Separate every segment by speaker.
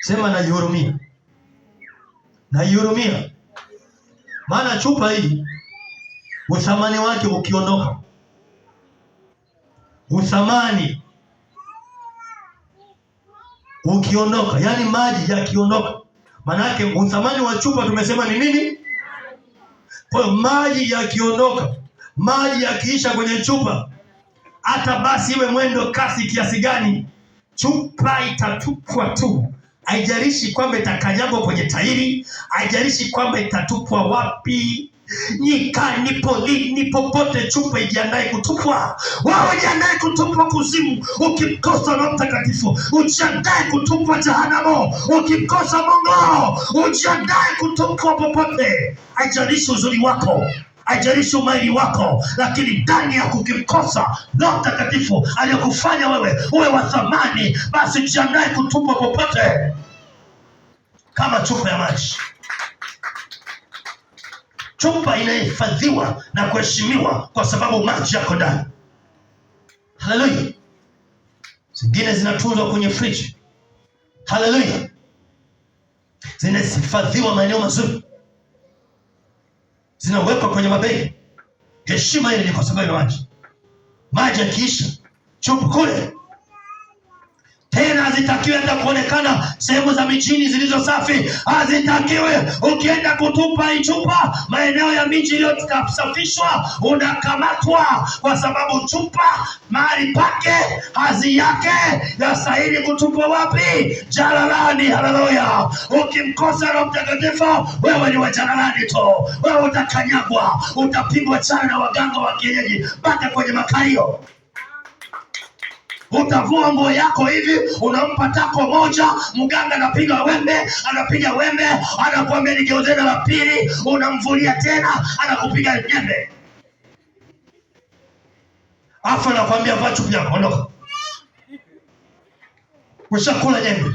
Speaker 1: Sema najihurumia, najihurumia, maana chupa hii uthamani wake ukiondoka, uthamani ukiondoka, yaani maji yakiondoka, maanake uthamani wa chupa tumesema ni nini? Kwa hiyo maji yakiondoka, maji yakiisha kwenye chupa, hata basi iwe mwendo kasi kiasi gani, chupa itatupwa tu haijalishi kwamba itakanyagwa kwenye tairi, haijalishi kwamba itatupwa wapi nyikani polini, popote chupa ijiandae kutupwa, wao jiandae kutupwa kuzimu. Ukimkosa Roho Mtakatifu ujiandae kutupwa jahanamo Ukimkosa Mungu ujiandae kutupwa popote, haijalishi uzuri wako ajarishi umaili wako, lakini ndani ya kukikosa Roho Mtakatifu aliyokufanya wewe uwe wa thamani, basi jiandae kutupwa popote kama chupa ya maji. Chupa inahifadhiwa na kuheshimiwa kwa sababu maji yako ndani. Haleluya! Zingine zinatunzwa kwenye friji. Haleluya! Zinahifadhiwa maeneo mazuri zinawekwa kwenye mabegi. Heshima ile ni kwa sababu ya maji. Maji yakiisha, chupa kule hazitakiwi hata kuonekana sehemu za mijini zilizo safi, hazitakiwi. Ukienda kutupa ichupa maeneo ya miji iliyosafishwa unakamatwa, kwa sababu chupa mahali pake hazi yake yastahili kutupwa wapi? Jalalani. Haleluya! Ukimkosa Roho Mtakatifu wewe ni wa jalalani tu, wewe utakanyagwa, utapigwa chana na waganga wa kienyeji mpaka kwenye makalio. Utavua nguo yako hivi, unampa tako moja, mganga anapiga wembe, anapiga wembe, anakuambia nigeuzeni la pili, unamvulia tena, anakupiga jembe, afu anakuambia vaa chupi yako, ondoka. Ushakula nyembe,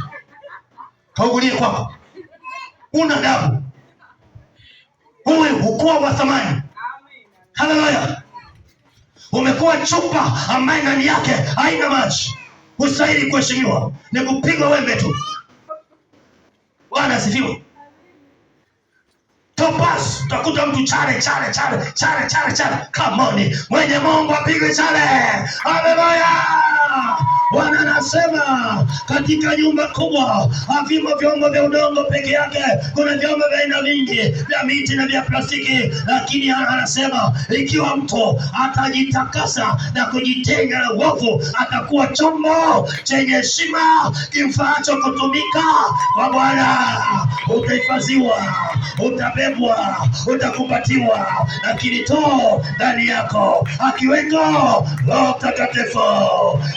Speaker 1: kaugulie kwako, una dabu, huyu hukuwa wa thamani. Haleluya! kuwa chupa ambaye ndani yake haina maji hustahili kuheshimiwa, ni kupigwa wembe tu. Bwana asifiwe. Topas, utakuta mtu chale chale chale chale chale chale, kamoni mwenye Mungu apigwe chale. Haleluya! Bwana anasema katika nyumba kubwa havimo ah, vyombo vya udongo peke yake, kuna vyombo vya aina vingi vya miti na vya plastiki. Lakini anasema ikiwa mtu atajitakasa na kujitenga na uovu, atakuwa chombo chenye heshima kimfaacho kutumika kwa Bwana. Utahifadhiwa, utabebwa, utakupatiwa, lakini to ndani yako akiweko Roho Mtakatifu.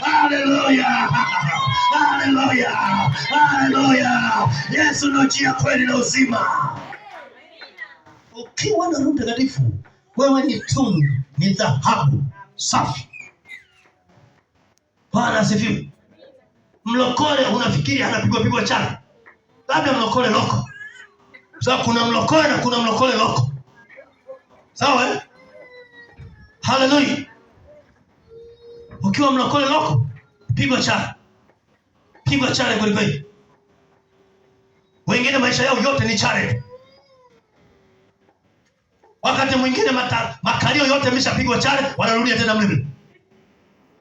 Speaker 1: Haleluya, haleluya, haleluya! Yesu ndio njia, kweli na uzima. Ukiwa na Roho Mtakatifu wewe ni tunu, ni dhahabu safi. Bwana asifiwe. Mlokole unafikiri anapigwa pigwa chana, labda mlokole loko sawa. Kuna mlokole na kuna mlokole loko sawa, eh? Haleluya ukiwa mnakole loko, pigwa chale, pigwa chale kwelikweli. Wengine maisha yao yote ni chale, wakati mwingine makalio yote ameshapigwa chale, wanarudia tena mlimi,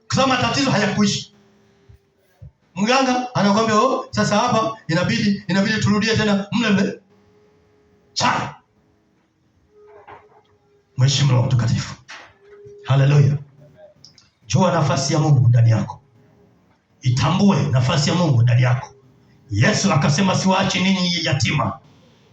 Speaker 1: kwa sababu matatizo hayakuishi. Mganga anakwambia oh, sasa hapa inabidi inabidi turudie tena mlembe chale. Mheshimiwa Mtakatifu, haleluya! Jua nafasi ya Mungu ndani yako, itambue nafasi ya Mungu ndani yako. Yesu akasema siwaachi ninyi yatima,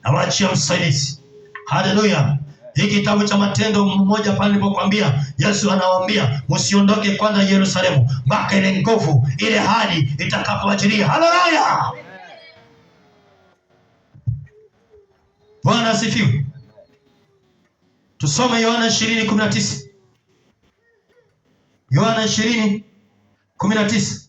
Speaker 1: nawaachia msaidizi. Haleluya! Hii kitabu cha Matendo mmoja pale nilipokuambia, Yesu anawaambia msiondoke kwanza Yerusalemu mpaka ile nguvu ile hadi itakapoachilia. Haleluya! Bwana asifiwe. Tusome Yohana 20:19. Yohana 20:19.